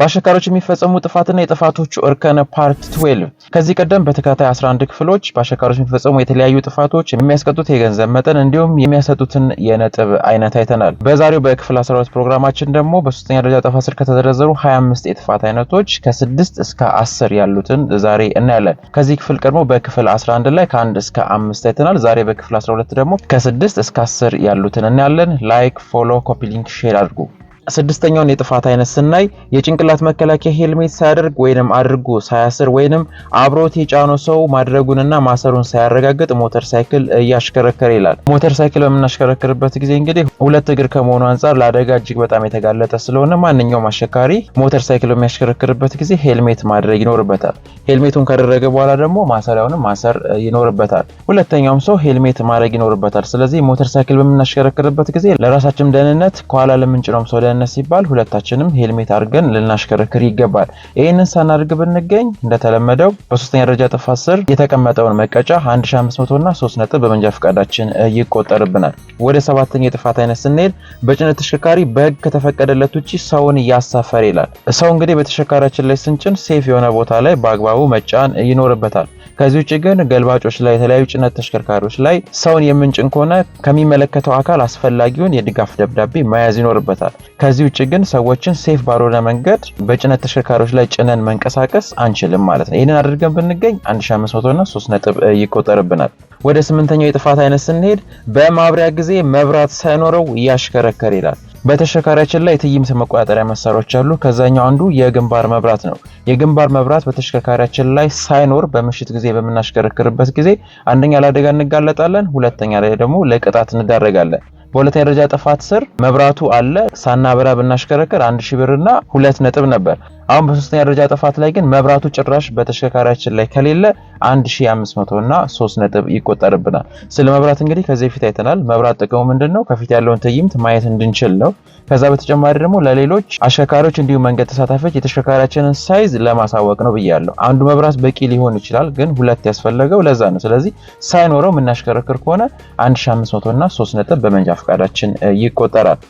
በአሽከርካሪዎች የሚፈጸሙ ጥፋትና የጥፋቶቹ እርከን ፓርት 12 ከዚህ ቀደም በተከታታይ 11 ክፍሎች በአሽከርካሪዎች የሚፈጸሙ የተለያዩ ጥፋቶች የሚያስቀጡት የገንዘብ መጠን እንዲሁም የሚያሰጡትን የነጥብ አይነት አይተናል። በዛሬው በክፍል 12 ፕሮግራማችን ደግሞ በሶስተኛ ደረጃ ጥፋት ስር ከተዘረዘሩ 25 የጥፋት አይነቶች ከ6 እስከ 10 ያሉትን ዛሬ እናያለን። ከዚህ ክፍል ቀድሞ በክፍል 11 ላይ ከ1 እስከ 5 አይተናል። ዛሬ በክፍል 12 ደግሞ ከ6 እስከ 10 ያሉትን እናያለን። ላይክ፣ ፎሎ፣ ኮፒ ሊንክ፣ ሼር አድርጉ። ስድስተኛውን የጥፋት አይነት ስናይ የጭንቅላት መከላከያ ሄልሜት ሳያደርግ ወይንም አድርጎ ሳያስር ወይንም አብሮት የጫኖ ሰው ማድረጉንና ማሰሩን ሳያረጋግጥ ሞተር ሳይክል እያሽከረከረ ይላል። ሞተር ሳይክል በምናሽከረክርበት ጊዜ እንግዲህ ሁለት እግር ከመሆኑ አንጻር ለአደጋ እጅግ በጣም የተጋለጠ ስለሆነ ማንኛውም አሽከርካሪ ሞተር ሳይክል በሚያሽከረክርበት ጊዜ ሄልሜት ማድረግ ይኖርበታል። ሄልሜቱን ካደረገ በኋላ ደግሞ ማሰሪያውንም ማሰር ይኖርበታል። ሁለተኛውም ሰው ሄልሜት ማድረግ ይኖርበታል። ስለዚህ ሞተር ሳይክል በምናሽከረክርበት ጊዜ ለራሳችን ደህንነት ከኋላ ለምንጭ ነው ሰው ለደህንነት ሲባል ሁለታችንም ሄልሜት አድርገን ልናሽከረክር ይገባል። ይህንን ሳናደርግ ብንገኝ እንደተለመደው በሶስተኛ ደረጃ ጥፋት ስር የተቀመጠውን መቀጫ 1500 እና 3 ነጥብ በመንጃ ፈቃዳችን ይቆጠርብናል። ወደ ሰባተኛ የጥፋት አይነት ስንሄድ በጭነት ተሽከርካሪ በህግ ከተፈቀደለት ውጭ ሰውን እያሳፈር ይላል። ሰው እንግዲህ በተሽከርካሪያችን ላይ ስንጭን ሴፍ የሆነ ቦታ ላይ በአግባቡ መጫን ይኖርበታል። ከዚህ ውጭ ግን ገልባጮች ላይ፣ የተለያዩ ጭነት ተሽከርካሪዎች ላይ ሰውን የምንጭን ከሆነ ከሚመለከተው አካል አስፈላጊውን የድጋፍ ደብዳቤ መያዝ ይኖርበታል። ከዚህ ውጭ ግን ሰዎችን ሴፍ ባልሆነ መንገድ በጭነት ተሽከርካሪዎች ላይ ጭነን መንቀሳቀስ አንችልም ማለት ነው። ይህንን አድርገን ብንገኝ 1500 ና 3 ነጥብ ይቆጠርብናል። ወደ ስምንተኛው የጥፋት አይነት ስንሄድ በማብሪያ ጊዜ መብራት ሳይኖረው እያሽከረከር ይላል። በተሽከርካሪያችን ላይ የትዕይንት መቆጣጠሪያ መሳሪያዎች አሉ። ከዛኛው አንዱ የግንባር መብራት ነው። የግንባር መብራት በተሽከርካሪያችን ላይ ሳይኖር በምሽት ጊዜ በምናሽከረክርበት ጊዜ አንደኛ ለአደጋ እንጋለጣለን፣ ሁለተኛ ላይ ደግሞ ለቅጣት እንዳረጋለን። በሁለተኛ ደረጃ ጥፋት ስር መብራቱ አለ ሳናበራ ብናሽከረከር አንድ ሺህ ብርና ሁለት ነጥብ ነበር። አሁን በሶስተኛ ደረጃ ጥፋት ላይ ግን መብራቱ ጭራሽ በተሽከርካሪያችን ላይ ከሌለ 1500 እና 3 ነጥብ ይቆጠርብናል። ስለ መብራት እንግዲህ ከዚህ በፊት አይተናል። መብራት ጥቅሙ ምንድን ነው? ከፊት ያለውን ትዕይንት ማየት እንድንችል ነው። ከዛ በተጨማሪ ደግሞ ለሌሎች አሽከርካሪዎች እንዲሁም መንገድ ተሳታፊዎች የተሽከርካሪያችንን ሳይዝ ለማሳወቅ ነው ብያለሁ። አንዱ መብራት በቂ ሊሆን ይችላል፣ ግን ሁለት ያስፈለገው ለዛ ነው። ስለዚህ ሳይኖረው የምናሽከረክር ከሆነ 1500 እና 3 ነጥብ በመንጃ ፈቃዳችን ይቆጠራል።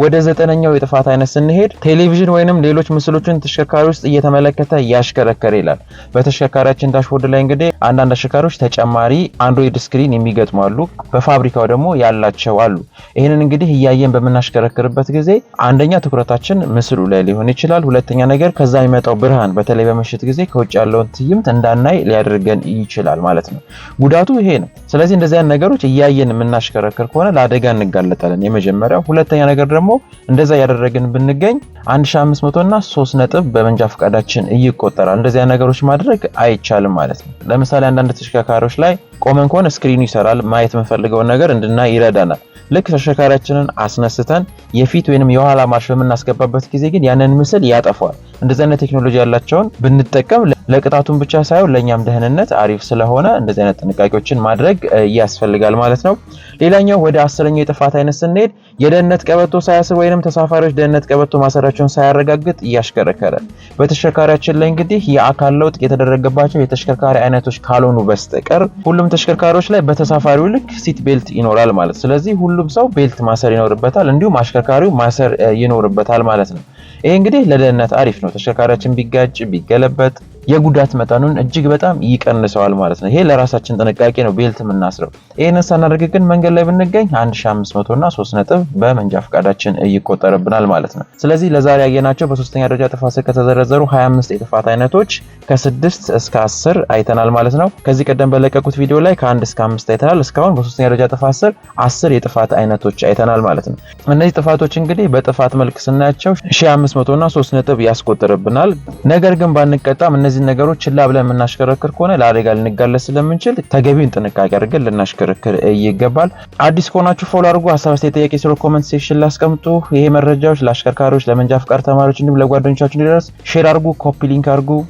ወደ ዘጠነኛው የጥፋት አይነት ስንሄድ ቴሌቪዥን ወይንም ሌሎች ምስሎችን ተሽከርካሪ ውስጥ እየተመለከተ ያሽከረከረ ይላል። በተሽከርካሪያችን ዳሽቦርድ ላይ እንግዲህ አንዳንድ አሽከርካሪዎች ተጨማሪ አንድሮይድ ስክሪን የሚገጥሙ አሉ፣ በፋብሪካው ደግሞ ያላቸው አሉ። ይህንን እንግዲህ እያየን በምናሽከረክርበት ጊዜ አንደኛ ትኩረታችን ምስሉ ላይ ሊሆን ይችላል። ሁለተኛ ነገር ከዛ የሚመጣው ብርሃን በተለይ በምሽት ጊዜ ከውጭ ያለውን ትዕይንት እንዳናይ ሊያደርገን ይችላል ማለት ነው። ጉዳቱ ይሄ ነው። ስለዚህ እንደዚህ አይነት ነገሮች እያየን የምናሽከረክር ከሆነ ለአደጋ እንጋለጣለን። የመጀመሪያው። ሁለተኛ ነገር ደግሞ ደግሞ እንደዛ ያደረግን ብንገኝ 1500 እና 3 ነጥብ በመንጃ ፈቃዳችን ይቆጠራል። እንደዚያ ነገሮች ማድረግ አይቻልም ማለት ነው። ለምሳሌ አንዳንድ ተሽከርካሪዎች ላይ ቆመን ከሆነ ስክሪኑ ይሰራል። ማየት የምንፈልገውን ነገር እንድናይ ይረዳናል። ልክ ተሽከርካሪያችንን አስነስተን የፊት ወይንም የኋላ ማርሽ በምናስገባበት ጊዜ ግን ያንን ምስል ያጠፋዋል። እንደዚህ አይነት ቴክኖሎጂ ያላቸውን ብንጠቀም ለቅጣቱም ብቻ ሳይሆን ለእኛም ደህንነት አሪፍ ስለሆነ እንደዚህ አይነት ጥንቃቄዎችን ማድረግ ያስፈልጋል ማለት ነው። ሌላኛው ወደ አስረኛው የጥፋት አይነት ስንሄድ የደህንነት ቀበቶ ሳያስብ ወይንም ተሳፋሪዎች ደህንነት ቀበቶ ማሰራቸውን ሳያረጋግጥ እያሽከረከረ በተሽከርካሪያችን ላይ እንግዲህ የአካል ለውጥ የተደረገባቸው የተሽከርካሪ አይነቶች ካልሆኑ በስተቀር ሁሉም ተሽከርካሪዎች ላይ በተሳፋሪው ልክ ሲት ቤልት ይኖራል ማለት ስለዚህ ሁሉም ሰው ቤልት ማሰር ይኖርበታል፣ እንዲሁም አሽከርካሪው ማሰር ይኖርበታል ማለት ነው። ይሄ እንግዲህ ለደህንነት አሪፍ ነው። ተሽከርካሪያችን ቢጋጭ ቢገለበጥ የጉዳት መጠኑን እጅግ በጣም ይቀንሰዋል ማለት ነው። ይሄ ለራሳችን ጥንቃቄ ነው ቤልት የምናስረው። ይህንን ሳናደርግ ግን መንገድ ላይ ብንገኝ 1500 እና 3 ነጥብ በመንጃ ፈቃዳችን ይቆጠርብናል ማለት ነው። ስለዚህ ለዛሬ ያየናቸው በሶስተኛ ደረጃ ጥፋት ስር ከተዘረዘሩ 25 የጥፋት አይነቶች ከ6 እስከ 10 አይተናል ማለት ነው። ከዚህ ቀደም በለቀቁት ቪዲዮ ላይ ከ1 እስከ 5 አይተናል። እስካሁን በሶስተኛ ደረጃ ጥፋት ስር 10 የጥፋት አይነቶች አይተናል ማለት ነው። እነዚህ ጥፋቶች እንግዲህ በጥፋት መልክ ስናያቸው 1500 እና 3 ነጥብ ያስቆጥርብናል። ነገር ግን ባንቀጣም እነዚህ እነዚህን ነገሮች ችላ ብለን የምናሽከረክር ከሆነ ለአደጋ ልንጋለጥ ስለምንችል ተገቢውን ጥንቃቄ አድርገን ልናሽከረክር ይገባል። አዲስ ከሆናችሁ ፎሎ አድርጉ። ሀሳብ አስተያየት፣ ጥያቄ ስለ ኮመንት ሴክሽን ላስቀምጡ። ይሄ መረጃዎች ለአሽከርካሪዎች፣ ለመንጃ ፍቃድ ተማሪዎች እንዲሁም ለጓደኞቻችሁ እንዲደርስ ሼር አድርጉ፣ ኮፒ ሊንክ አድርጉ።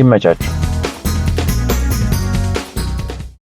ይመቻችሁ።